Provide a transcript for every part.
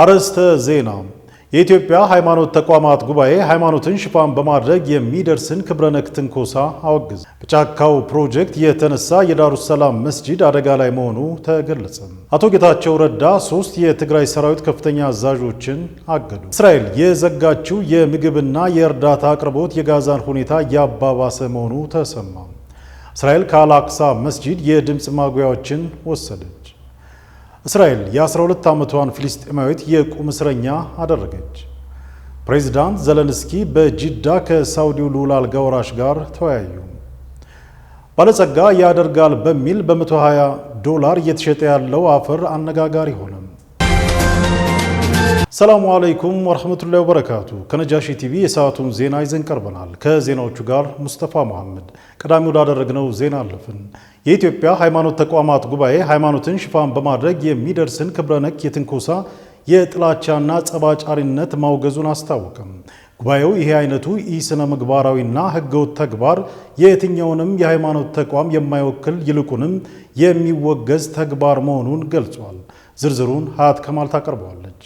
አርዕስተ ዜና የኢትዮጵያ ሃይማኖት ተቋማት ጉባኤ ሃይማኖትን ሽፋን በማድረግ የሚደርስን ክብረነክ ትንኮሳ አወግዝ። በጫካው ፕሮጀክት የተነሳ የዳሩ ሰላም መስጂድ አደጋ ላይ መሆኑ ተገለጸ። አቶ ጌታቸው ረዳ ሶስት የትግራይ ሰራዊት ከፍተኛ አዛዦችን አገዱ። እስራኤል የዘጋችው የምግብና የእርዳታ አቅርቦት የጋዛን ሁኔታ ያባባሰ መሆኑ ተሰማ። እስራኤል ከአላቅሳ መስጂድ የድምፅ ማጉያዎችን ወሰደች። እስራኤል የ12 ዓመቷን ፍልስጤማዊት የቁም እስረኛ አደረገች። ፕሬዚዳንት ዘለንስኪ በጅዳ ከሳውዲው ልዑል አልጋ ወራሽ ጋር ተወያዩ። ባለጸጋ ያደርጋል በሚል በ120 ዶላር እየተሸጠ ያለው አፈር አነጋጋሪ ሆነ። ሰላሙ አለይኩም ወረህመቱላሂ ወበረካቱ። ከነጃሺ ቲቪ የሰዓቱን ዜና ይዘን ቀርበናል። ከዜናዎቹ ጋር ሙስተፋ መሐመድ። ቀዳሚ ወዳደረግነው ዜና አለፍን። የኢትዮጵያ ሃይማኖት ተቋማት ጉባኤ ሃይማኖትን ሽፋን በማድረግ የሚደርስን ክብረ ነክ የትንኮሳ የጥላቻና ጸባጫሪነት ማውገዙን አስታወቀም። ጉባኤው ይሄ አይነቱ ኢስነ ምግባራዊና ህገወጥ ተግባር የትኛውንም የሃይማኖት ተቋም የማይወክል ይልቁንም የሚወገዝ ተግባር መሆኑን ገልጿል። ዝርዝሩን ሀያት ከማል ታቀርበዋለች።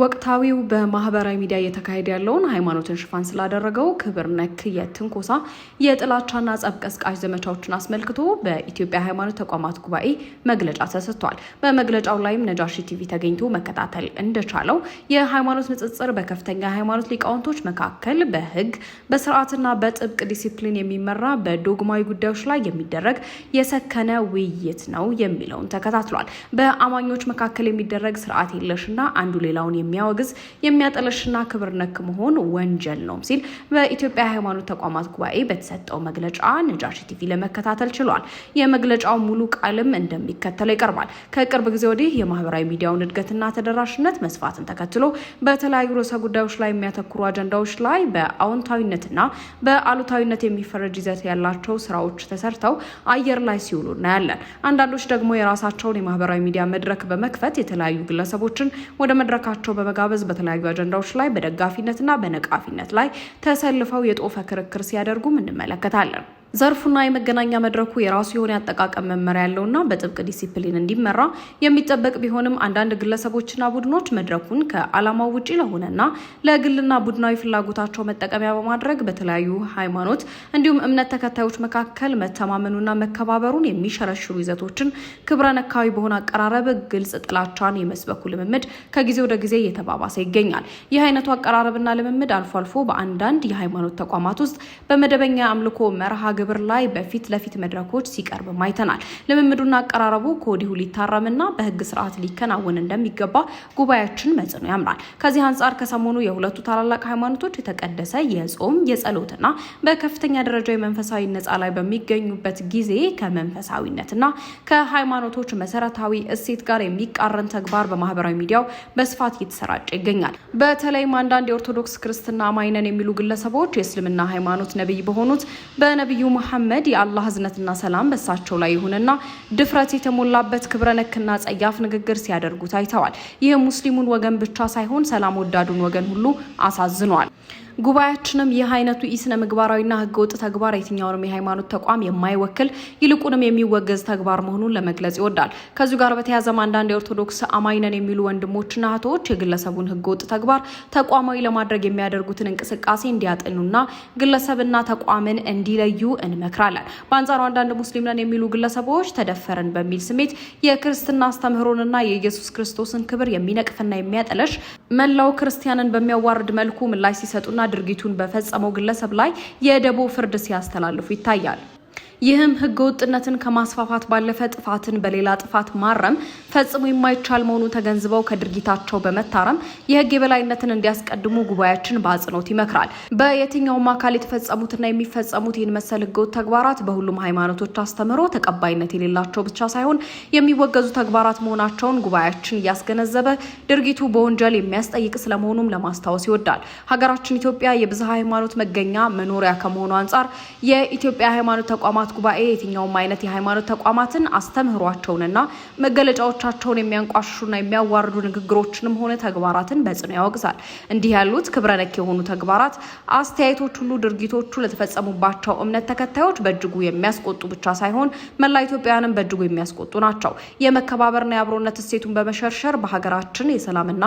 ወቅታዊው በማህበራዊ ሚዲያ እየተካሄደ ያለውን ሃይማኖትን ሽፋን ስላደረገው ክብር ነክ የትንኮሳ የጥላቻና ጸብ ቀስቃሽ ዘመቻዎችን አስመልክቶ በኢትዮጵያ ሃይማኖት ተቋማት ጉባኤ መግለጫ ተሰጥቷል። በመግለጫው ላይም ነጃሺ ቲቪ ተገኝቶ መከታተል እንደቻለው የሃይማኖት ንጽጽር በከፍተኛ ሃይማኖት ሊቃውንቶች መካከል በህግ በስርዓትና በጥብቅ ዲሲፕሊን የሚመራ በዶግማዊ ጉዳዮች ላይ የሚደረግ የሰከነ ውይይት ነው የሚለውን ተከታትሏል። በአማኞች መካከል የሚደረግ ስርዓት የለሽና አንዱ ሌላውን የሚያወግዝ የሚያጠለሽና ክብር ነክ መሆን ወንጀል ነው ሲል በኢትዮጵያ የሃይማኖት ተቋማት ጉባኤ በተሰጠው መግለጫ ነጃሺ ቲቪ ለመከታተል ችሏል። የመግለጫው ሙሉ ቃልም እንደሚከተለው ይቀርባል። ከቅርብ ጊዜ ወዲህ የማህበራዊ ሚዲያውን እድገትና ተደራሽነት መስፋትን ተከትሎ በተለያዩ ርዕሰ ጉዳዮች ላይ የሚያተኩሩ አጀንዳዎች ላይ በአዎንታዊነትና በአሉታዊነት የሚፈረጅ ይዘት ያላቸው ስራዎች ተሰርተው አየር ላይ ሲውሉ እናያለን። አንዳንዶች ደግሞ የራሳቸውን የማህበራዊ ሚዲያ መድረክ በመክፈት የተለያዩ ግለሰቦችን ወደ መድረካቸው በመጋበዝ በተለያዩ አጀንዳዎች ላይ በደጋፊነትና በነቃፊነት ላይ ተሰልፈው የጦፈ ክርክር ሲያደርጉም እንመለከታለን። ዘርፉና የመገናኛ መድረኩ የራሱ የሆነ አጠቃቀም መመሪያ ያለውና በጥብቅ ዲሲፕሊን እንዲመራ የሚጠበቅ ቢሆንም አንዳንድ ግለሰቦችና ቡድኖች መድረኩን ከዓላማው ውጪ ለሆነና ለግልና ቡድናዊ ፍላጎታቸው መጠቀሚያ በማድረግ በተለያዩ ሃይማኖት እንዲሁም እምነት ተከታዮች መካከል መተማመኑና መከባበሩን የሚሸረሽሩ ይዘቶችን ክብረ ነካዊ በሆነ አቀራረብ ግልጽ ጥላቻን የመስበኩ ልምምድ ከጊዜ ወደ ጊዜ እየተባባሰ ይገኛል። ይህ አይነቱ አቀራረብና ልምምድ አልፎ አልፎ በአንዳንድ የሃይማኖት ተቋማት ውስጥ በመደበኛ አምልኮ መርሃ ግብር ግብር ላይ በፊት ለፊት መድረኮች ሲቀርብ አይተናል። ልምምዱና አቀራረቡ ከወዲሁ ሊታረምና በህግ ስርዓት ሊከናወን እንደሚገባ ጉባኤያችን መጽኖ ያምናል። ከዚህ አንጻር ከሰሞኑ የሁለቱ ታላላቅ ሃይማኖቶች የተቀደሰ የጾም የጸሎትና በከፍተኛ ደረጃ የመንፈሳዊ ነጻ ላይ በሚገኙበት ጊዜ ከመንፈሳዊነትና ከሃይማኖቶች መሰረታዊ እሴት ጋር የሚቃረን ተግባር በማህበራዊ ሚዲያው በስፋት እየተሰራጨ ይገኛል። በተለይም አንዳንድ የኦርቶዶክስ ክርስትና አማኝ ነን የሚሉ ግለሰቦች የእስልምና ሃይማኖት ነቢይ በሆኑት በነቢዩ ነቢዩ መሐመድ የአላህ እዝነትና ሰላም በሳቸው ላይ ይሁንና ድፍረት የተሞላበት ክብረ ነክና ጸያፍ ንግግር ሲያደርጉ ታይተዋል። ይህ ሙስሊሙን ወገን ብቻ ሳይሆን ሰላም ወዳዱን ወገን ሁሉ አሳዝኗል። ጉባኤያችንም ይህ አይነቱ ኢስነ ምግባራዊና ህገወጥ ተግባር የትኛውንም የሃይማኖት ተቋም የማይወክል ይልቁንም የሚወገዝ ተግባር መሆኑን ለመግለጽ ይወዳል። ከዚሁ ጋር በተያያዘም አንዳንድ የኦርቶዶክስ አማኝነን የሚሉ ወንድሞችና እህቶች የግለሰቡን ህገወጥ ተግባር ተቋማዊ ለማድረግ የሚያደርጉትን እንቅስቃሴ እንዲያጠኑና ግለሰብና ተቋምን እንዲለዩ እንመክራለን። በአንጻሩ አንዳንድ ሙስሊም የሚሉ ግለሰቦች ተደፈረን በሚል ስሜት የክርስትና አስተምህሮንና የኢየሱስ ክርስቶስን ክብር የሚነቅፍና የሚያጠለሽ መላው ክርስቲያንን በሚያዋርድ መልኩ ምላሽ ሲሰጡና ድርጊቱን በፈጸመው ግለሰብ ላይ የደቦ ፍርድ ሲያስተላልፉ ይታያል። ይህም ህገወጥነትን ከማስፋፋት ባለፈ ጥፋትን በሌላ ጥፋት ማረም ፈጽሞ የማይቻል መሆኑን ተገንዝበው ከድርጊታቸው በመታረም የህግ የበላይነትን እንዲያስቀድሙ ጉባኤያችን በአጽንኦት ይመክራል። በየትኛውም አካል የተፈጸሙትና የሚፈጸሙት ይህን መሰል ህገወጥ ተግባራት በሁሉም ሃይማኖቶች አስተምህሮ ተቀባይነት የሌላቸው ብቻ ሳይሆን የሚወገዙ ተግባራት መሆናቸውን ጉባኤያችን እያስገነዘበ ድርጊቱ በወንጀል የሚያስጠይቅ ስለመሆኑም ለማስታወስ ይወዳል። ሀገራችን ኢትዮጵያ የብዝሃ ሃይማኖት መገኛ መኖሪያ ከመሆኑ አንጻር የኢትዮጵያ ሃይማኖት ተቋማት የመንግስታት ጉባኤ የትኛውም አይነት የሃይማኖት ተቋማትን አስተምህሯቸውንና መገለጫዎቻቸውን የሚያንቋሽሹና የሚያዋርዱ ንግግሮችንም ሆነ ተግባራትን በጽኑ ያወግዛል። እንዲህ ያሉት ክብረ ነክ የሆኑ ተግባራት፣ አስተያየቶች ሁሉ ድርጊቶቹ ለተፈጸሙባቸው እምነት ተከታዮች በእጅጉ የሚያስቆጡ ብቻ ሳይሆን መላ ኢትዮጵያውያንም በእጅጉ የሚያስቆጡ ናቸው። የመከባበርና የአብሮነት እሴቱን በመሸርሸር በሀገራችን የሰላምና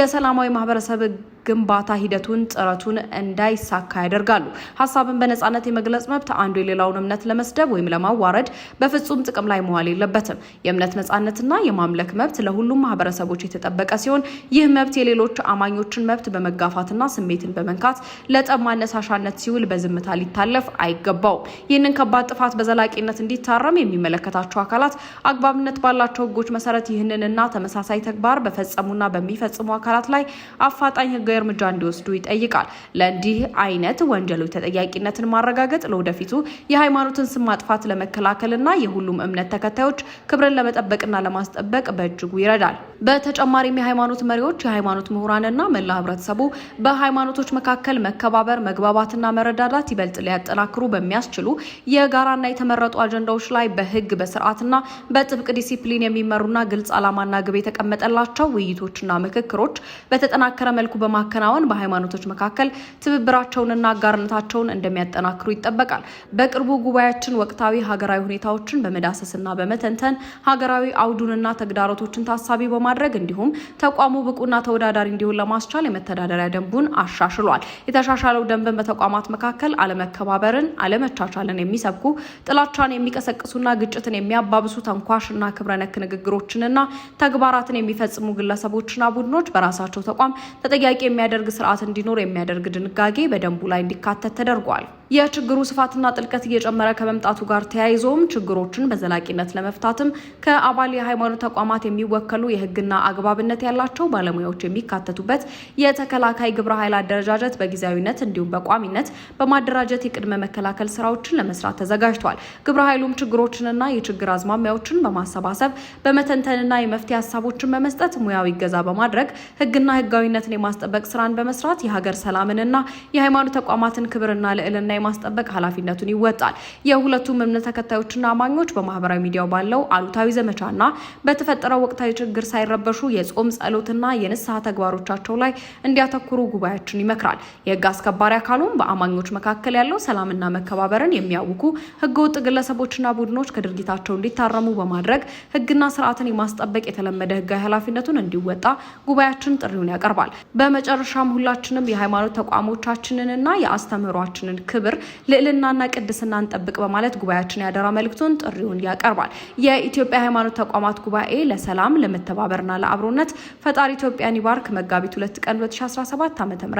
የሰላማዊ ማህበረሰብ ግንባታ ሂደቱን ጥረቱን እንዳይሳካ ያደርጋሉ። ሀሳብን በነጻነት የመግለጽ መብት አንዱ የሌላውን እምነት ለመስደብ ወይም ለማዋረድ በፍጹም ጥቅም ላይ መዋል የለበትም። የእምነት ነጻነትና የማምለክ መብት ለሁሉም ማህበረሰቦች የተጠበቀ ሲሆን ይህ መብት የሌሎች አማኞችን መብት በመጋፋትና ስሜትን በመንካት ለጠብ ማነሳሻነት ሲውል በዝምታ ሊታለፍ አይገባውም። ይህንን ከባድ ጥፋት በዘላቂነት እንዲታረም የሚመለከታቸው አካላት አግባብነት ባላቸው ህጎች መሰረት ይህንንና ተመሳሳይ ተግባር በፈጸሙና በሚፈጽሙ አካላት ላይ አፋጣኝ ህገ ህጋዊ እርምጃ እንዲወስዱ ይጠይቃል። ለእንዲህ አይነት ወንጀሎች ተጠያቂነትን ማረጋገጥ ለወደፊቱ የሃይማኖትን ስም ማጥፋት ለመከላከልና የሁሉም እምነት ተከታዮች ክብርን ለመጠበቅና ለማስጠበቅ በእጅጉ ይረዳል። በተጨማሪም የሃይማኖት መሪዎች፣ የሃይማኖት ምሁራንና መላ ህብረተሰቡ በሃይማኖቶች መካከል መከባበር፣ መግባባትና መረዳዳት ይበልጥ ሊያጠናክሩ በሚያስችሉ የጋራና የተመረጡ አጀንዳዎች ላይ በህግ በስርዓትና በጥብቅ ዲሲፕሊን የሚመሩና ግልጽ ዓላማና ግብ የተቀመጠላቸው ውይይቶችና ምክክሮች በተጠናከረ መልኩ በማከናወን በሃይማኖቶች መካከል ትብብራቸውንና አጋርነታቸውን እንደሚያጠናክሩ ይጠበቃል። በቅርቡ ጉባኤያችን ወቅታዊ ሀገራዊ ሁኔታዎችን በመዳሰስና በመተንተን ሀገራዊ አውዱንና ተግዳሮቶችን ታሳቢ በማድረግ እንዲሁም ተቋሙ ብቁና ተወዳዳሪ እንዲሆን ለማስቻል የመተዳደሪያ ደንቡን አሻሽሏል። የተሻሻለው ደንብን በተቋማት መካከል አለመከባበርን፣ አለመቻቻልን የሚሰብኩ ጥላቻን የሚቀሰቅሱና ግጭትን የሚያባብሱ ተንኳሽና ክብረነክ ንግግሮችንና ተግባራትን የሚፈጽሙ ግለሰቦችና ቡድኖች በራሳቸው ተቋም ተጠያቂ የሚያደርግ ስርዓት እንዲኖር የሚያደርግ ድንጋጌ በደንቡ ላይ እንዲካተት ተደርጓል። የችግሩ ስፋትና ጥልቀት እየጨመረ ከመምጣቱ ጋር ተያይዞም ችግሮችን በዘላቂነት ለመፍታትም ከአባል የሃይማኖት ተቋማት የሚወከሉ የሕግና አግባብነት ያላቸው ባለሙያዎች የሚካተቱበት የተከላካይ ግብረ ኃይል አደረጃጀት በጊዜያዊነት እንዲሁም በቋሚነት በማደራጀት የቅድመ መከላከል ስራዎችን ለመስራት ተዘጋጅቷል። ግብረ ኃይሉም ችግሮችንና የችግር አዝማሚያዎችን በማሰባሰብ በመተንተንና የመፍትሄ ሀሳቦችን በመስጠት ሙያዊ ገዛ በማድረግ ሕግና ሕጋዊነትን የማስጠበቅ ስራን በመስራት የሀገር ሰላምንና የሃይማኖት ተቋማትን ክብርና ልዕልና የማስጠበቅ ኃላፊነቱን ይወጣል። የሁለቱም እምነት ተከታዮችና አማኞች በማህበራዊ ሚዲያው ባለው አሉታዊ ዘመቻና በተፈጠረው ወቅታዊ ችግር ሳይረበሹ የጾም ጸሎትና የንስሐ ተግባሮቻቸው ላይ እንዲያተኩሩ ጉባኤያችን ይመክራል። የህግ አስከባሪ አካሉም በአማኞች መካከል ያለው ሰላምና መከባበርን የሚያውኩ ህገወጥ ግለሰቦችና ቡድኖች ከድርጊታቸው እንዲታረሙ በማድረግ ህግና ስርዓትን የማስጠበቅ የተለመደ ህጋዊ ኃላፊነቱን እንዲወጣ ጉባኤያችን ጥሪውን ያቀርባል። በመጨረሻም ሁላችንም የሃይማኖት ተቋሞቻችንንና የአስተምህሯችንን ክብ ክብር ልዕልናና ቅድስና እንጠብቅ በማለት ጉባኤያችን ያደራ መልእክቱን ጥሪውን ያቀርባል። የኢትዮጵያ ሃይማኖት ተቋማት ጉባኤ ለሰላም ለመተባበርና ለአብሮነት ፈጣሪ ኢትዮጵያን ይባርክ። መጋቢት 2 ቀን 2017 ዓ ም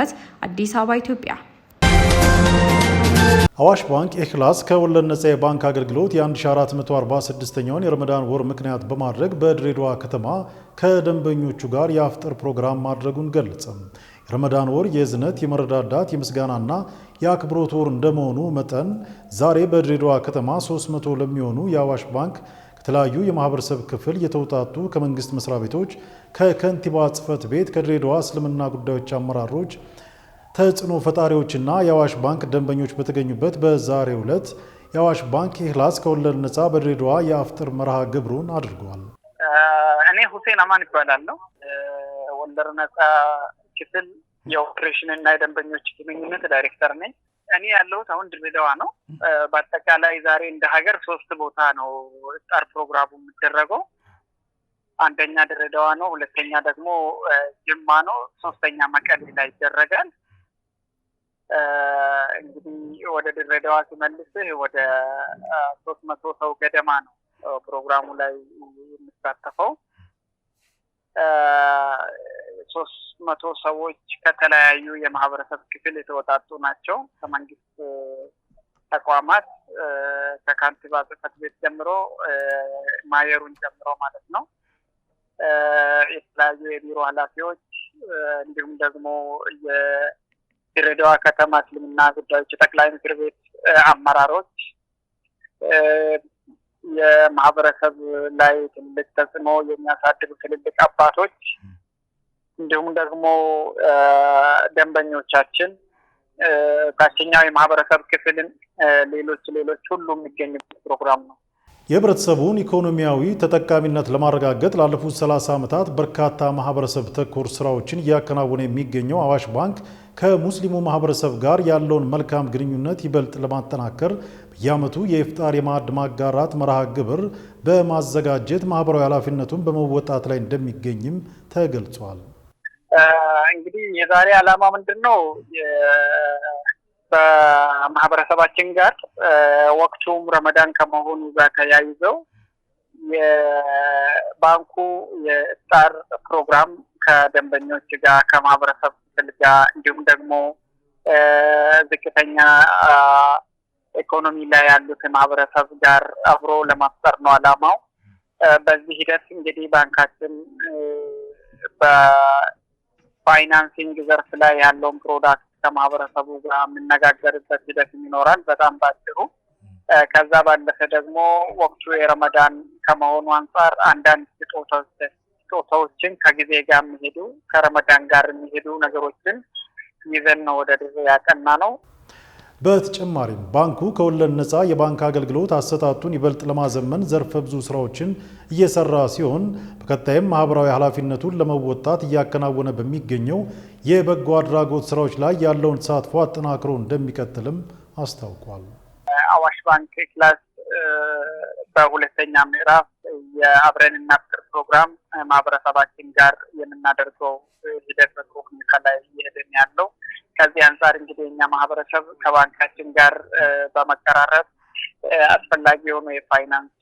አዲስ አበባ ኢትዮጵያ። አዋሽ ባንክ ኤክላስ ከወለድ ነጻ የባንክ አገልግሎት የ1446ኛውን የረመዳን ወር ምክንያት በማድረግ በድሬዳዋ ከተማ ከደንበኞቹ ጋር የአፍጥር ፕሮግራም ማድረጉን ገለጸ። ረመዳን ወር የዝነት፣ የመረዳዳት የምስጋናና የአክብሮት ወር እንደመሆኑ መጠን ዛሬ በድሬዳዋ ከተማ 300 ለሚሆኑ የአዋሽ ባንክ ከተለያዩ የማህበረሰብ ክፍል የተውጣጡ ከመንግስት መስሪያ ቤቶች፣ ከከንቲባ ጽህፈት ቤት፣ ከድሬዳዋ እስልምና ጉዳዮች አመራሮች፣ ተጽዕኖ ፈጣሪዎችና የአዋሽ ባንክ ደንበኞች በተገኙበት በዛሬ ዕለት የአዋሽ ባንክ ኢኽላስ ከወለድ ነጻ በድሬዳዋ የአፍጥር መርሃ ግብሩን አድርጓል። እኔ ሁሴን አማን ይባላለሁ። ወለድ ነጻ ክፍል የኦፕሬሽን እና የደንበኞች ግንኙነት ዳይሬክተር ነኝ። እኔ ያለሁት አሁን ድሬዳዋ ነው። በአጠቃላይ ዛሬ እንደ ሀገር ሶስት ቦታ ነው ጠር ፕሮግራሙ የሚደረገው። አንደኛ ድሬዳዋ ነው፣ ሁለተኛ ደግሞ ጅማ ነው፣ ሶስተኛ መቀሌ ላይ ይደረጋል። እንግዲህ ወደ ድሬዳዋ ሲመልስህ ወደ ሶስት መቶ ሰው ገደማ ነው ፕሮግራሙ ላይ የምሳተፈው። ሶስት መቶ ሰዎች ከተለያዩ የማህበረሰብ ክፍል የተወጣጡ ናቸው። ከመንግስት ተቋማት ከካንቲባ ጽህፈት ቤት ጀምሮ ማየሩን ጀምሮ ማለት ነው። የተለያዩ የቢሮ ኃላፊዎች እንዲሁም ደግሞ የድሬዳዋ ከተማ እስልምና ጉዳዮች የጠቅላይ ምክር ቤት አመራሮች የማህበረሰብ ላይ ትልቅ ተጽዕኖ የሚያሳድሩ ትልልቅ አባቶች እንዲሁም ደግሞ ደንበኞቻችን ታችኛው የማህበረሰብ ክፍልን ሌሎች ሌሎች ሁሉ የሚገኙበት ፕሮግራም ነው። የህብረተሰቡን ኢኮኖሚያዊ ተጠቃሚነት ለማረጋገጥ ላለፉት 30 ዓመታት በርካታ ማህበረሰብ ተኮር ስራዎችን እያከናወነ የሚገኘው አዋሽ ባንክ ከሙስሊሙ ማህበረሰብ ጋር ያለውን መልካም ግንኙነት ይበልጥ ለማጠናከር በየዓመቱ የኢፍጣር የማዕድ ማጋራት መርሃ ግብር በማዘጋጀት ማህበራዊ ኃላፊነቱን በመወጣት ላይ እንደሚገኝም ተገልጿል። እንግዲህ የዛሬ አላማ ምንድን ነው? በማህበረሰባችን ጋር ወቅቱም ረመዳን ከመሆኑ ጋር ተያይዘው የባንኩ የኢፍጣር ፕሮግራም ከደንበኞች ጋር ከማህበረሰብ ክፍል ጋር እንዲሁም ደግሞ ዝቅተኛ ኢኮኖሚ ላይ ያሉት ማህበረሰብ ጋር አብሮ ለማፍጠር ነው አላማው በዚህ ሂደት እንግዲህ ባንካችን ፋይናንሲንግ ዘርፍ ላይ ያለውን ፕሮዳክት ከማህበረሰቡ ጋር የምነጋገርበት ሂደት ይኖራል። በጣም ባጭሩ። ከዛ ባለፈ ደግሞ ወቅቱ የረመዳን ከመሆኑ አንጻር አንዳንድ ስጦታዎችን ከጊዜ ጋር የሚሄዱ ከረመዳን ጋር የሚሄዱ ነገሮችን ይዘን ነው ወደ ድር ያቀና ነው። በተጨማሪም ባንኩ ከወለድ ነፃ የባንክ አገልግሎት አሰጣጡን ይበልጥ ለማዘመን ዘርፈ ብዙ ስራዎችን እየሰራ ሲሆን በቀጣይም ማህበራዊ ኃላፊነቱን ለመወጣት እያከናወነ በሚገኘው የበጎ አድራጎት ስራዎች ላይ ያለውን ተሳትፎ አጠናክሮ እንደሚቀጥልም አስታውቋል። አዋሽ ባንክ ክላስ በሁለተኛ ምዕራፍ የአብረን እናብቅር ፕሮግራም ማህበረሰባችን ጋር የምናደርገው ሂደት በጥሩ ሁኔታ ላይ እየሄድን ያለው ከዚህ አንጻር እንግዲህ እኛ ማህበረሰብ ከባንካችን ጋር በመቀራረብ አስፈላጊ የሆኑ የፋይናንስ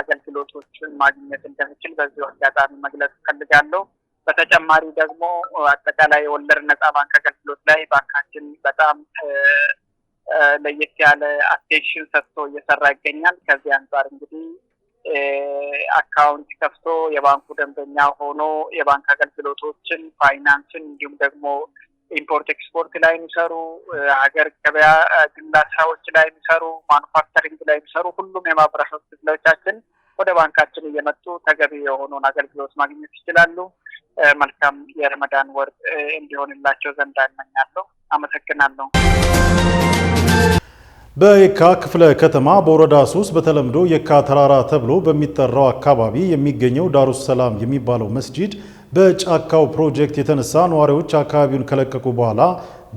አገልግሎቶችን ማግኘት እንደምችል በዚሁ አጋጣሚ መግለጽ እፈልጋለሁ። በተጨማሪ ደግሞ አጠቃላይ የወለድ ነጻ ባንክ አገልግሎት ላይ ባንካችን በጣም ለየት ያለ አቴንሽን ሰጥቶ እየሰራ ይገኛል። ከዚህ አንጻር እንግዲህ አካውንት ከፍቶ የባንኩ ደንበኛ ሆኖ የባንክ አገልግሎቶችን፣ ፋይናንስን እንዲሁም ደግሞ ኢምፖርት ኤክስፖርት ላይ የሚሰሩ ሀገር ገበያ ግላ ስራዎች ላይ የሚሰሩ ማኑፋክቸሪንግ ላይ የሚሰሩ ሁሉም የማህበረሰብ ክፍሎቻችን ወደ ባንካችን እየመጡ ተገቢ የሆኑን አገልግሎት ማግኘት ይችላሉ። መልካም የረመዳን ወር እንዲሆንላቸው ዘንዳ እመኛለሁ። አመሰግናለሁ። በየካ ክፍለ ከተማ በወረዳ ሶስት በተለምዶ የካ ተራራ ተብሎ በሚጠራው አካባቢ የሚገኘው ዳሩስ ሰላም የሚባለው መስጂድ በጫካው ፕሮጀክት የተነሳ ነዋሪዎች አካባቢውን ከለቀቁ በኋላ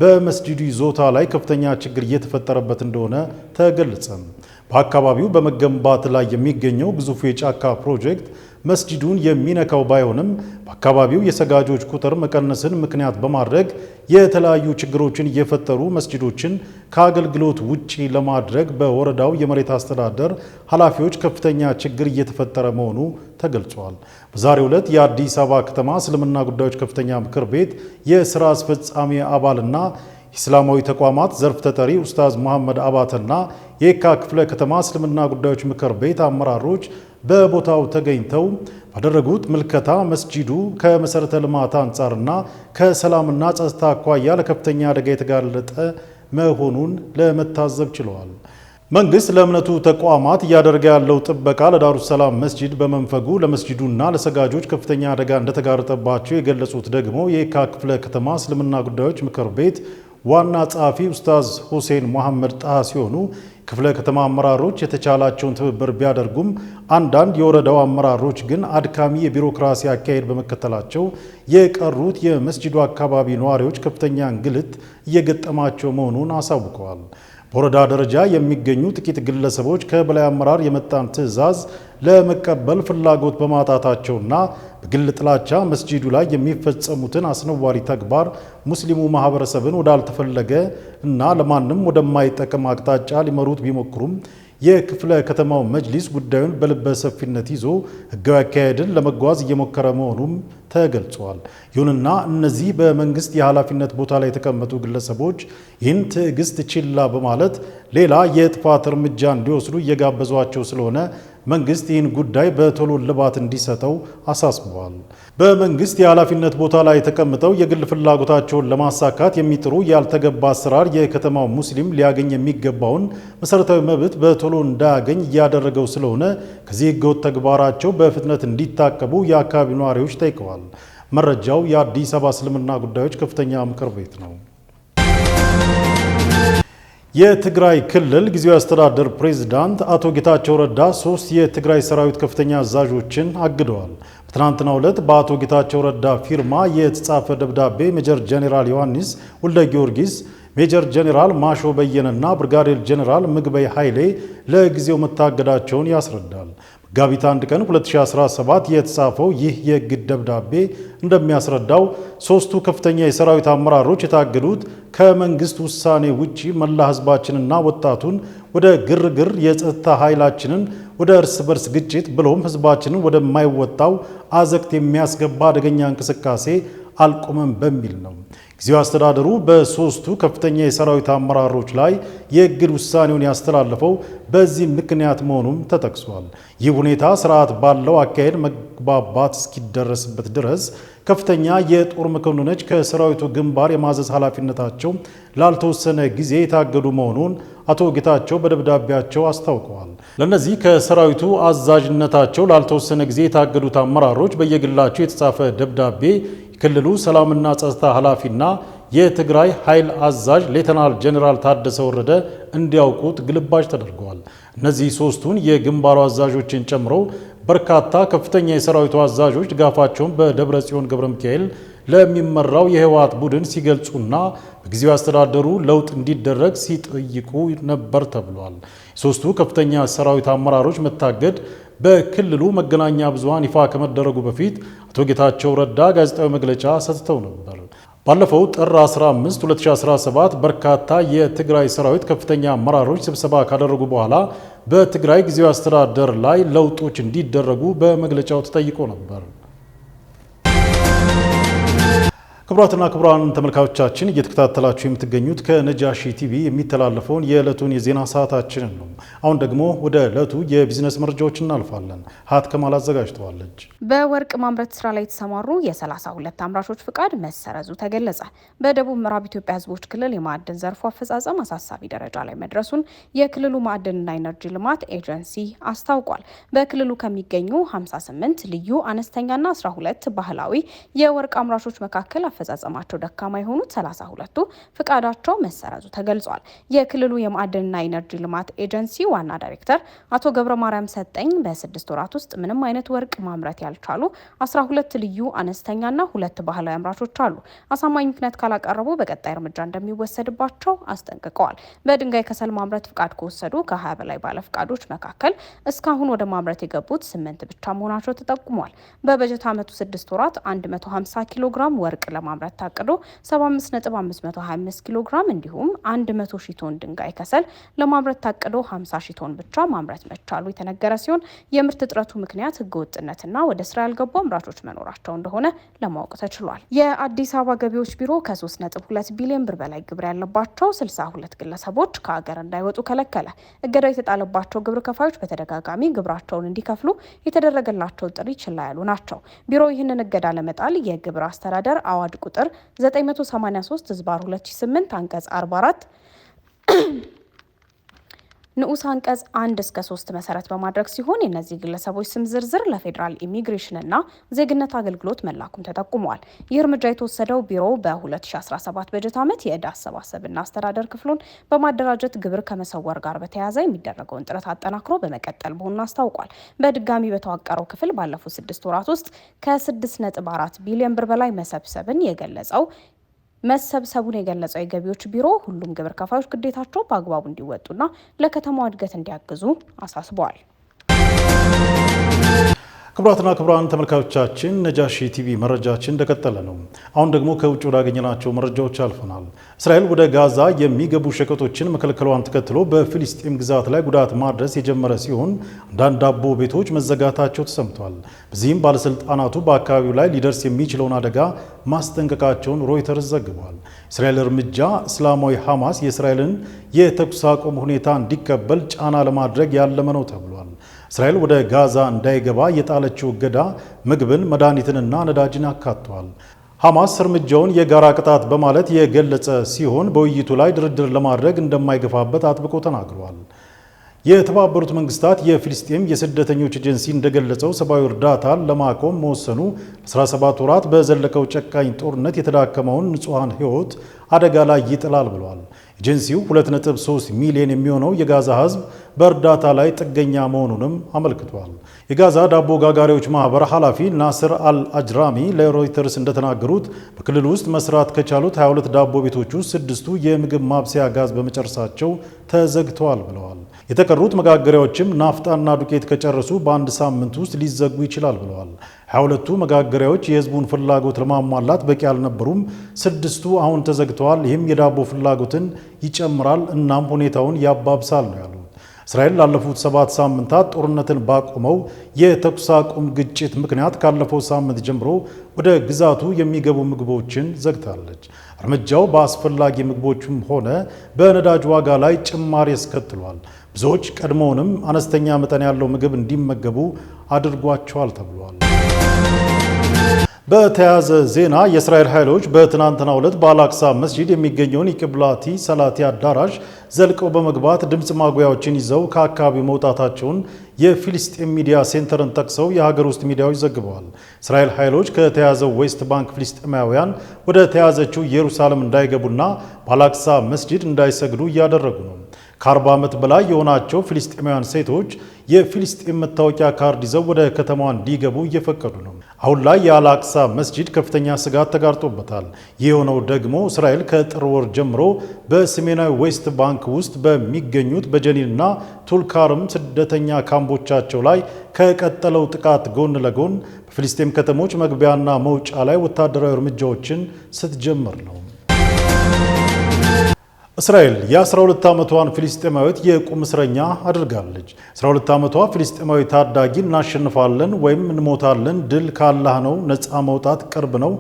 በመስጂዱ ይዞታ ላይ ከፍተኛ ችግር እየተፈጠረበት እንደሆነ ተገለጸ። በአካባቢው በመገንባት ላይ የሚገኘው ግዙፍ የጫካ ፕሮጀክት መስጂዱን የሚነካው ባይሆንም በአካባቢው የሰጋጆች ቁጥር መቀነስን ምክንያት በማድረግ የተለያዩ ችግሮችን እየፈጠሩ መስጂዶችን ከአገልግሎት ውጪ ለማድረግ በወረዳው የመሬት አስተዳደር ኃላፊዎች ከፍተኛ ችግር እየተፈጠረ መሆኑ ተገልጿል። በዛሬው ዕለት የአዲስ አበባ ከተማ እስልምና ጉዳዮች ከፍተኛ ምክር ቤት የስራ አስፈጻሚ አባልና ኢስላማዊ ተቋማት ዘርፍ ተጠሪ ኡስታዝ መሐመድ አባተና የካ ክፍለ ከተማ እስልምና ጉዳዮች ምክር ቤት አመራሮች በቦታው ተገኝተው ባደረጉት ምልከታ መስጂዱ ከመሰረተ ልማት አንጻርና ከሰላምና ጸጥታ አኳያ ለከፍተኛ አደጋ የተጋለጠ መሆኑን ለመታዘብ ችለዋል። መንግስት ለእምነቱ ተቋማት እያደረገ ያለው ጥበቃ ለዳሩ ሰላም መስጂድ በመንፈጉ ለመስጂዱና ለሰጋጆች ከፍተኛ አደጋ እንደተጋረጠባቸው የገለጹት ደግሞ የካ ክፍለ ከተማ እስልምና ጉዳዮች ምክር ቤት ዋና ጸሐፊ ኡስታዝ ሁሴን መሐመድ ጣሃ ሲሆኑ ክፍለ ከተማ አመራሮች የተቻላቸውን ትብብር ቢያደርጉም አንዳንድ የወረዳው አመራሮች ግን አድካሚ የቢሮክራሲ አካሄድ በመከተላቸው የቀሩት የመስጂዱ አካባቢ ነዋሪዎች ከፍተኛ እንግልት እየገጠማቸው መሆኑን አሳውቀዋል። በወረዳ ደረጃ የሚገኙ ጥቂት ግለሰቦች ከበላይ አመራር የመጣን ትዕዛዝ ለመቀበል ፍላጎት በማጣታቸውና በግል ጥላቻ መስጂዱ ላይ የሚፈጸሙትን አስነዋሪ ተግባር ሙስሊሙ ማህበረሰብን ወዳልተፈለገ እና ለማንም ወደማይጠቅም አቅጣጫ ሊመሩት ቢሞክሩም የክፍለ ከተማው መጅሊስ ጉዳዩን በልበ ሰፊነት ይዞ ህጋዊ አካሄድን ለመጓዝ እየሞከረ መሆኑም ተገልጿል። ይሁንና እነዚህ በመንግስት የኃላፊነት ቦታ ላይ የተቀመጡ ግለሰቦች ይህን ትዕግስት ችላ በማለት ሌላ የጥፋት እርምጃ እንዲወስዱ እየጋበዟቸው ስለሆነ መንግስት ይህን ጉዳይ በቶሎ ልባት እንዲሰጠው አሳስበዋል። በመንግስት የኃላፊነት ቦታ ላይ ተቀምጠው የግል ፍላጎታቸውን ለማሳካት የሚጥሩ ያልተገባ አሰራር የከተማው ሙስሊም ሊያገኝ የሚገባውን መሰረታዊ መብት በቶሎ እንዳያገኝ እያደረገው ስለሆነ ከዚህ ህገወጥ ተግባራቸው በፍጥነት እንዲታቀቡ የአካባቢው ነዋሪዎች ጠይቀዋል። መረጃው የአዲስ አበባ እስልምና ጉዳዮች ከፍተኛ ምክር ቤት ነው። የትግራይ ክልል ጊዜያዊ አስተዳደር ፕሬዝዳንት አቶ ጌታቸው ረዳ ሶስት የትግራይ ሰራዊት ከፍተኛ አዛዦችን አግደዋል። በትናንትናው ዕለት በአቶ ጌታቸው ረዳ ፊርማ የተጻፈ ደብዳቤ ሜጀር ጄኔራል ዮሐንስ ወልደ ጊዮርጊስ፣ ሜጀር ጄኔራል ማሾ በየነና ብርጋዴር ጄኔራል ምግበይ ኃይሌ ለጊዜው መታገዳቸውን ያስረዳል። መጋቢት 1 ቀን 2017 የተጻፈው ይህ የእግድ ደብዳቤ እንደሚያስረዳው ሶስቱ ከፍተኛ የሰራዊት አመራሮች የታገዱት ከመንግስት ውሳኔ ውጪ መላ ህዝባችንና ወጣቱን ወደ ግርግር፣ የጸጥታ ኃይላችንን ወደ እርስ በርስ ግጭት ብሎም ህዝባችንን ወደማይወጣው አዘቅት የሚያስገባ አደገኛ እንቅስቃሴ አልቆመም በሚል ነው። ጊዜያዊ አስተዳደሩ በሶስቱ ከፍተኛ የሰራዊት አመራሮች ላይ የእግድ ውሳኔውን ያስተላለፈው በዚህ ምክንያት መሆኑም ተጠቅሷል። ይህ ሁኔታ ስርዓት ባለው አካሄድ መግባባት እስኪደረስበት ድረስ ከፍተኛ የጦር መኮንኖች ከሰራዊቱ ግንባር የማዘዝ ኃላፊነታቸው ላልተወሰነ ጊዜ የታገዱ መሆኑን አቶ ጌታቸው በደብዳቤያቸው አስታውቀዋል። ለእነዚህ ከሰራዊቱ አዛዥነታቸው ላልተወሰነ ጊዜ የታገዱት አመራሮች በየግላቸው የተጻፈ ደብዳቤ ክልሉ ሰላምና ጸጥታ ኃላፊና የትግራይ ኃይል አዛዥ ሌተናል ጄኔራል ታደሰ ወረደ እንዲያውቁት ግልባጭ ተደርገዋል። እነዚህ ሶስቱን የግንባሩ አዛዦችን ጨምሮ በርካታ ከፍተኛ የሰራዊቱ አዛዦች ድጋፋቸውን በደብረ ጽዮን ገብረ ሚካኤል ለሚመራው የህወሓት ቡድን ሲገልጹና በጊዜው አስተዳደሩ ለውጥ እንዲደረግ ሲጠይቁ ነበር ተብሏል። የሶስቱ ከፍተኛ ሰራዊት አመራሮች መታገድ በክልሉ መገናኛ ብዙሃን ይፋ ከመደረጉ በፊት አቶ ጌታቸው ረዳ ጋዜጣዊ መግለጫ ሰጥተው ነበር። ባለፈው ጥር 15 2017 በርካታ የትግራይ ሰራዊት ከፍተኛ አመራሮች ስብሰባ ካደረጉ በኋላ በትግራይ ጊዜያዊ አስተዳደር ላይ ለውጦች እንዲደረጉ በመግለጫው ተጠይቆ ነበር። ክቡራትና ክቡራን ተመልካቾቻችን እየተከታተላችሁ የምትገኙት ከነጃሺ ቲቪ የሚተላለፈውን የዕለቱን የዜና ሰዓታችንን ነው። አሁን ደግሞ ወደ ዕለቱ የቢዝነስ መረጃዎች እናልፋለን። ሀት ከማል አዘጋጅተዋለች። በወርቅ ማምረት ስራ ላይ የተሰማሩ የ32 አምራቾች ፍቃድ መሰረዙ ተገለጸ። በደቡብ ምዕራብ ኢትዮጵያ ሕዝቦች ክልል የማዕድን ዘርፉ አፈጻጸም አሳሳቢ ደረጃ ላይ መድረሱን የክልሉ ማዕድንና ኤነርጂ ልማት ኤጀንሲ አስታውቋል። በክልሉ ከሚገኙ 58 ልዩ አነስተኛና 12 ባህላዊ የወርቅ አምራቾች መካከል አፈጻጸማቸው ደካማ የሆኑት ሰላሳ ሁለቱ ፍቃዳቸው መሰረዙ ተገልጿል። የክልሉ የማዕድንና ኢነርጂ ልማት ኤጀንሲ ዋና ዳይሬክተር አቶ ገብረ ማርያም ሰጠኝ በስድስት ወራት ውስጥ ምንም አይነት ወርቅ ማምረት ያልቻሉ አስራ ሁለት ልዩ አነስተኛና ሁለት ባህላዊ አምራቾች አሉ። አሳማኝ ምክንያት ካላቀረቡ በቀጣይ እርምጃ እንደሚወሰድባቸው አስጠንቅቀዋል። በድንጋይ ከሰል ማምረት ፍቃድ ከወሰዱ ከ20 በላይ ባለፍቃዶች መካከል እስካሁን ወደ ማምረት የገቡት ስምንት ብቻ መሆናቸው ተጠቁሟል። በበጀት ዓመቱ ስድስት ወራት 150 ኪሎ ግራም ወርቅ ለማ ለማምረት ታቅዶ 75525 ኪሎ ግራም እንዲሁም 100 ሺ ቶን ድንጋይ ከሰል ለማምረት ታቅዶ 50 ሺ ቶን ብቻ ማምረት መቻሉ የተነገረ ሲሆን የምርት እጥረቱ ምክንያት ህገወጥነትና ወደ ስራ ያልገቡ አምራቾች መኖራቸው እንደሆነ ለማወቅ ተችሏል። የአዲስ አበባ ገቢዎች ቢሮ ከ3.2 ቢሊዮን ብር በላይ ግብር ያለባቸው 62 ግለሰቦች ከሀገር እንዳይወጡ ከለከለ። እገዳ የተጣለባቸው ግብር ከፋዮች በተደጋጋሚ ግብራቸውን እንዲከፍሉ የተደረገላቸው ጥሪ ችላ ያሉ ናቸው። ቢሮው ይህንን እገዳ ለመጣል የግብር አስተዳደር አዋጅ ቁጥር 983 ዝባር 2008 አንቀጽ 44 ንዑስ አንቀጽ አንድ እስከ ሶስት መሰረት በማድረግ ሲሆን የእነዚህ ግለሰቦች ስም ዝርዝር ለፌዴራል ኢሚግሬሽንና ዜግነት አገልግሎት መላኩም ተጠቁመዋል። ይህ እርምጃ የተወሰደው ቢሮው በ2017 በጀት ዓመት የዕዳ አሰባሰብና አስተዳደር ክፍሉን በማደራጀት ግብር ከመሰወር ጋር በተያያዘ የሚደረገውን ጥረት አጠናክሮ በመቀጠል መሆኑን አስታውቋል። በድጋሚ በተዋቀረው ክፍል ባለፉት ስድስት ወራት ውስጥ ከ6.4 ቢሊዮን ብር በላይ መሰብሰብን የገለጸው መሰብሰቡን የገለጸው የገቢዎች ቢሮ ሁሉም ግብር ከፋዮች ግዴታቸው በአግባቡ እንዲወጡና ለከተማዋ እድገት እንዲያግዙ አሳስበዋል። ክቡራትና ክቡራን ተመልካቾቻችን ነጃሺ ቲቪ መረጃችን እንደቀጠለ ነው። አሁን ደግሞ ከውጭ ወዳገኘናቸው መረጃዎች አልፈናል። እስራኤል ወደ ጋዛ የሚገቡ ሸቀጦችን መከልከሏን ተከትሎ በፊሊስጤም ግዛት ላይ ጉዳት ማድረስ የጀመረ ሲሆን አንዳንድ ዳቦ ቤቶች መዘጋታቸው ተሰምቷል። በዚህም ባለስልጣናቱ በአካባቢው ላይ ሊደርስ የሚችለውን አደጋ ማስጠንቀቃቸውን ሮይተርስ ዘግቧል። እስራኤል እርምጃ እስላማዊ ሐማስ የእስራኤልን የተኩስ አቁም ሁኔታ እንዲቀበል ጫና ለማድረግ ያለመ ነው ተብሏል። እስራኤል ወደ ጋዛ እንዳይገባ የጣለችው እገዳ ምግብን፣ መድኃኒትንና ነዳጅን አካቷል። ሐማስ እርምጃውን የጋራ ቅጣት በማለት የገለጸ ሲሆን በውይይቱ ላይ ድርድር ለማድረግ እንደማይገፋበት አጥብቆ ተናግሯል። የተባበሩት መንግስታት የፊልስጤም የስደተኞች ኤጀንሲ እንደገለጸው ሰብአዊ እርዳታን ለማቆም መወሰኑ 17 ወራት በዘለቀው ጨካኝ ጦርነት የተዳከመውን ንጹሐን ሕይወት አደጋ ላይ ይጥላል ብለዋል። ኤጀንሲው 2.3 ሚሊዮን የሚሆነው የጋዛ ሕዝብ በእርዳታ ላይ ጥገኛ መሆኑንም አመልክቷል። የጋዛ ዳቦ ጋጋሪዎች ማህበር ኃላፊ ናስር አል አጅራሚ ለሮይተርስ እንደተናገሩት በክልል ውስጥ መስራት ከቻሉት 22 ዳቦ ቤቶች ውስጥ ስድስቱ የምግብ ማብሰያ ጋዝ በመጨረሳቸው ተዘግተዋል ብለዋል። የተቀሩት መጋገሪያዎችም ናፍጣና ዱቄት ከጨረሱ በአንድ ሳምንት ውስጥ ሊዘጉ ይችላል ብለዋል። መጋገሪያዎች የህዝቡን ፍላጎት ለማሟላት በቂ አልነበሩም። ስድስቱ አሁን ተዘግተዋል። ይህም የዳቦ ፍላጎትን ይጨምራል፣ እናም ሁኔታውን ያባብሳል ነው ያሉት። እስራኤል ላለፉት ሰባት ሳምንታት ጦርነትን ባቆመው የተኩስ አቁም ግጭት ምክንያት ካለፈው ሳምንት ጀምሮ ወደ ግዛቱ የሚገቡ ምግቦችን ዘግታለች። እርምጃው በአስፈላጊ ምግቦችም ሆነ በነዳጅ ዋጋ ላይ ጭማሪ ያስከትሏል። ብዙዎች ቀድሞውንም አነስተኛ መጠን ያለው ምግብ እንዲመገቡ አድርጓቸዋል ተብሏል። በተያያዘ ዜና የእስራኤል ኃይሎች በትናንትና ዕለት በአላቅሳ መስጂድ የሚገኘውን የቅብላቲ ሰላቲ አዳራሽ ዘልቀው በመግባት ድምፅ ማጉያዎችን ይዘው ከአካባቢው መውጣታቸውን የፊልስጤም ሚዲያ ሴንተርን ጠቅሰው የሀገር ውስጥ ሚዲያዎች ዘግበዋል። እስራኤል ኃይሎች ከተያዘው ዌስት ባንክ ፊልስጤማውያን ወደ ተያዘችው ኢየሩሳሌም እንዳይገቡና በአላቅሳ መስጂድ እንዳይሰግዱ እያደረጉ ነው። ከ40 ዓመት በላይ የሆናቸው ፊልስጤማውያን ሴቶች የፊልስጤም መታወቂያ ካርድ ይዘው ወደ ከተማዋ እንዲገቡ እየፈቀዱ ነው። አሁን ላይ የአላቅሳ መስጂድ ከፍተኛ ስጋት ተጋርጦበታል። ይህ የሆነው ደግሞ እስራኤል ከጥር ወር ጀምሮ በሰሜናዊ ዌስት ባንክ ውስጥ በሚገኙት በጀኒንና ቱልካርም ስደተኛ ካምቦቻቸው ላይ ከቀጠለው ጥቃት ጎን ለጎን በፊልስጤም ከተሞች መግቢያና መውጫ ላይ ወታደራዊ እርምጃዎችን ስትጀምር ነው። እስራኤል የ12 ዓመቷን ፊልስጤማዊት የቁም እስረኛ አድርጋለች። 12 ዓመቷ ፍልስጤማዊ ታዳጊ እናሸንፋለን ወይም እንሞታለን፣ ድል ካላህ ነው፣ ነፃ መውጣት ቅርብ ነው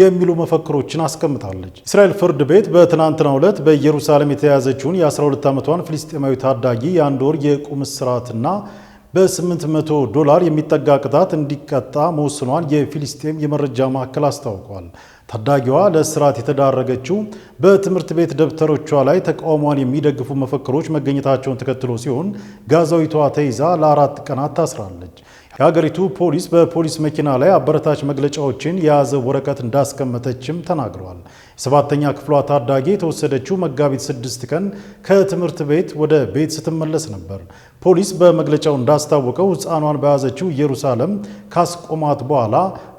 የሚሉ መፈክሮችን አስቀምጣለች። እስራኤል ፍርድ ቤት በትናንትናው ዕለት በኢየሩሳሌም የተያዘችውን የ12 ዓመቷን ፍልስጤማዊ ታዳጊ የአንድ ወር የቁም እስራትና በ800 ዶላር የሚጠጋ ቅጣት እንዲቀጣ መወስኗን የፊልስጤም የመረጃ ማዕከል አስታውቋል። ታዳጊዋ ለእስራት የተዳረገችው በትምህርት ቤት ደብተሮቿ ላይ ተቃውሟን የሚደግፉ መፈክሮች መገኘታቸውን ተከትሎ ሲሆን ጋዛዊቷ ተይዛ ለአራት ቀናት ታስራለች። የሀገሪቱ ፖሊስ በፖሊስ መኪና ላይ አበረታች መግለጫዎችን የያዘ ወረቀት እንዳስቀመጠችም ተናግረዋል። የሰባተኛ ክፍሏ ታዳጊ የተወሰደችው መጋቢት ስድስት ቀን ከትምህርት ቤት ወደ ቤት ስትመለስ ነበር። ፖሊስ በመግለጫው እንዳስታወቀው ሕፃኗን በያዘችው ኢየሩሳሌም ካስቆማት በኋላ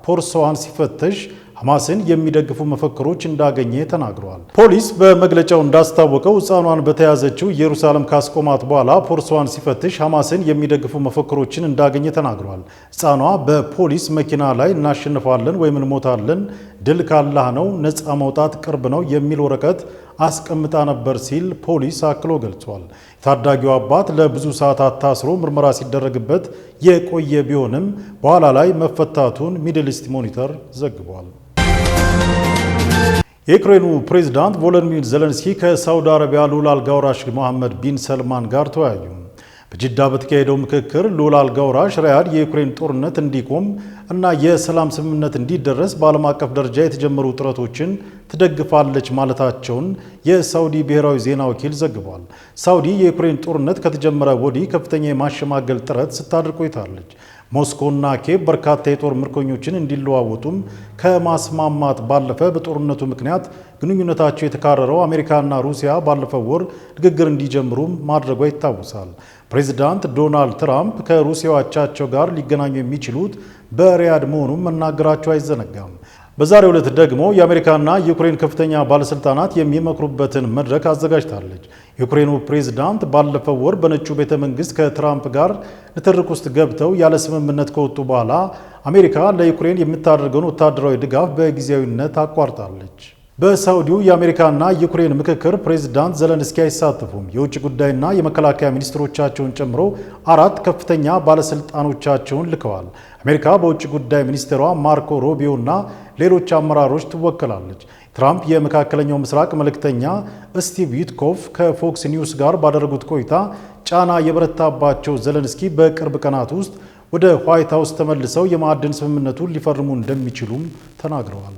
ፖርሰዋን ሲፈተሽ ሐማስን የሚደግፉ መፈክሮች እንዳገኘ ተናግረዋል። ፖሊስ በመግለጫው እንዳስታወቀው ሕፃኗን በተያዘችው ኢየሩሳሌም ካስቆማት በኋላ ፖርሷን ሲፈትሽ ሐማስን የሚደግፉ መፈክሮችን እንዳገኘ ተናግረዋል። ሕፃኗ በፖሊስ መኪና ላይ እናሸንፋለን ወይም እንሞታለን፣ ድል ካላህ ነው፣ ነፃ መውጣት ቅርብ ነው የሚል ወረቀት አስቀምጣ ነበር ሲል ፖሊስ አክሎ ገልጿል። የታዳጊው አባት ለብዙ ሰዓታት ታስሮ ምርመራ ሲደረግበት የቆየ ቢሆንም በኋላ ላይ መፈታቱን ሚድል ኢስት ሞኒተር ዘግቧል። የዩክሬኑ ፕሬዝዳንት ቮሎዲሚር ዘለንስኪ ከሳውዲ አረቢያ ልዑል አልጋ ወራሽ መሐመድ ቢን ሰልማን ጋር ተወያዩ። በጅዳ በተካሄደው ምክክር ልዑል አልጋ ወራሽ ሪያድ የዩክሬን ጦርነት እንዲቆም እና የሰላም ስምምነት እንዲደረስ በዓለም አቀፍ ደረጃ የተጀመሩ ጥረቶችን ትደግፋለች ማለታቸውን የሳውዲ ብሔራዊ ዜና ወኪል ዘግቧል። ሳውዲ የዩክሬን ጦርነት ከተጀመረ ወዲህ ከፍተኛ የማሸማገል ጥረት ስታደርግ ቆይታለች። ሞስኮና ኬብ በርካታ የጦር ምርኮኞችን እንዲለዋወጡም ከማስማማት ባለፈ በጦርነቱ ምክንያት ግንኙነታቸው የተካረረው አሜሪካና ሩሲያ ባለፈው ወር ንግግር እንዲጀምሩም ማድረጓ ይታወሳል። ፕሬዚዳንት ዶናልድ ትራምፕ ከሩሲያው አቻቸው ጋር ሊገናኙ የሚችሉት በሪያድ መሆኑም መናገራቸው አይዘነጋም። በዛሬው ዕለት ደግሞ የአሜሪካና ዩክሬን ከፍተኛ ባለስልጣናት የሚመክሩበትን መድረክ አዘጋጅታለች። ዩክሬኑ ፕሬዝዳንት ባለፈው ወር በነጩ ቤተ መንግስት ከትራምፕ ጋር ንትርክ ውስጥ ገብተው ያለ ስምምነት ከወጡ በኋላ አሜሪካ ለዩክሬን የምታደርገውን ወታደራዊ ድጋፍ በጊዜያዊነት አቋርጣለች። በሳውዲው የአሜሪካና ዩክሬን ምክክር ፕሬዝዳንት ዘለንስኪ አይሳተፉም። የውጭ ጉዳይና የመከላከያ ሚኒስትሮቻቸውን ጨምሮ አራት ከፍተኛ ባለስልጣኖቻቸውን ልከዋል። አሜሪካ በውጭ ጉዳይ ሚኒስቴሯ ማርኮ ሮቢዮና ሌሎች አመራሮች ትወከላለች። ትራምፕ የመካከለኛው ምስራቅ መልእክተኛ ስቲቭ ዊትኮፍ ከፎክስ ኒውስ ጋር ባደረጉት ቆይታ ጫና የበረታባቸው ዘለንስኪ በቅርብ ቀናት ውስጥ ወደ ዋይት ሀውስ ተመልሰው የማዕድን ስምምነቱን ሊፈርሙ እንደሚችሉም ተናግረዋል።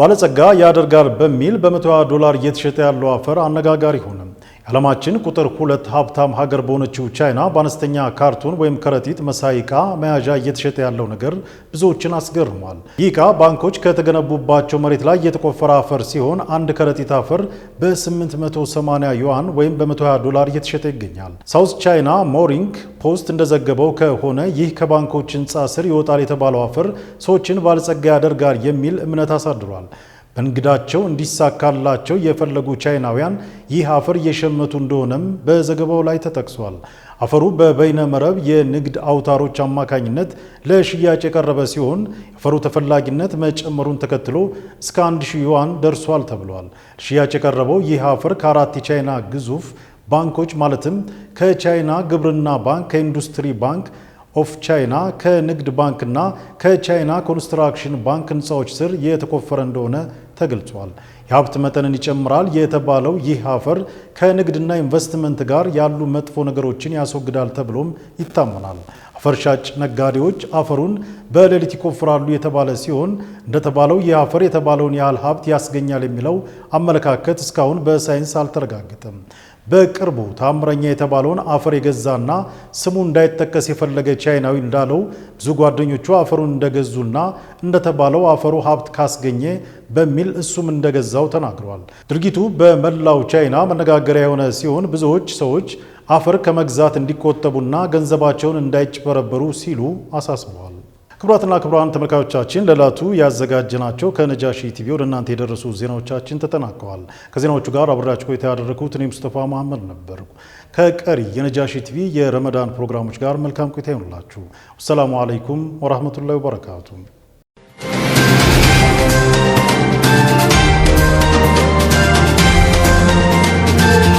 ባለጸጋ ያደርጋል በሚል በመቶ ዶላር እየተሸጠ ያለው አፈር አነጋጋሪ ሆነም። ዓለማችን ቁጥር ሁለት ሀብታም ሀገር በሆነችው ቻይና በአነስተኛ ካርቱን ወይም ከረጢት መሳይ ዕቃ መያዣ እየተሸጠ ያለው ነገር ብዙዎችን አስገርሟል። ይህ ዕቃ ባንኮች ከተገነቡባቸው መሬት ላይ የተቆፈረ አፈር ሲሆን አንድ ከረጢት አፈር በ880 ዩዋን ወይም በ120 ዶላር እየተሸጠ ይገኛል። ሳውስ ቻይና ሞሪንግ ፖስት እንደዘገበው ከሆነ ይህ ከባንኮች ሕንፃ ስር ይወጣል የተባለው አፈር ሰዎችን ባለጸጋ ያደርጋል የሚል እምነት አሳድሯል። እንግዳቸው እንዲሳካላቸው የፈለጉ ቻይናውያን ይህ አፈር እየሸመቱ እንደሆነም በዘገባው ላይ ተጠቅሷል። አፈሩ በበይነ መረብ የንግድ አውታሮች አማካኝነት ለሽያጭ የቀረበ ሲሆን የአፈሩ ተፈላጊነት መጨመሩን ተከትሎ እስከ አንድ ሺ ዩዋን ደርሷል ተብሏል። ለሽያጭ የቀረበው ይህ አፈር ከአራት የቻይና ግዙፍ ባንኮች ማለትም ከቻይና ግብርና ባንክ፣ ከኢንዱስትሪ ባንክ ኦፍ ቻይና ከንግድ ባንክና ከቻይና ኮንስትራክሽን ባንክ ህንፃዎች ስር የተቆፈረ እንደሆነ ተገልጿል። የሀብት መጠንን ይጨምራል የተባለው ይህ አፈር ከንግድና ኢንቨስትመንት ጋር ያሉ መጥፎ ነገሮችን ያስወግዳል ተብሎም ይታመናል። አፈርሻጭ ነጋዴዎች አፈሩን በሌሊት ይቆፍራሉ የተባለ ሲሆን እንደተባለው ይህ አፈር የተባለውን ያህል ሀብት ያስገኛል የሚለው አመለካከት እስካሁን በሳይንስ አልተረጋገጠም። በቅርቡ ታምረኛ የተባለውን አፈር የገዛና ስሙ እንዳይጠቀስ የፈለገ ቻይናዊ እንዳለው ብዙ ጓደኞቹ አፈሩን እንደገዙና እንደተባለው አፈሩ ሀብት ካስገኘ በሚል እሱም እንደገዛው ተናግረዋል። ድርጊቱ በመላው ቻይና መነጋገሪያ የሆነ ሲሆን ብዙዎች ሰዎች አፈር ከመግዛት እንዲቆጠቡና ገንዘባቸውን እንዳይጭበረበሩ ሲሉ አሳስበዋል። ክቡራትና ክቡራን ተመልካዮቻችን ለላቱ ያዘጋጀናቸው ከነጃሺ ቲቪ ወደ እናንተ የደረሱ ዜናዎቻችን ተጠናቀዋል። ከዜናዎቹ ጋር አብራችሁ ቆይታ ያደረግኩት እኔ ሙስተፋ መሐመድ ነበርኩ። ከቀሪ የነጃሺ ቲቪ የረመዳን ፕሮግራሞች ጋር መልካም ቆይታ ይሆንላችሁ። ወሰላሙ አለይኩም ወራህመቱላሂ ወበረካቱሁ።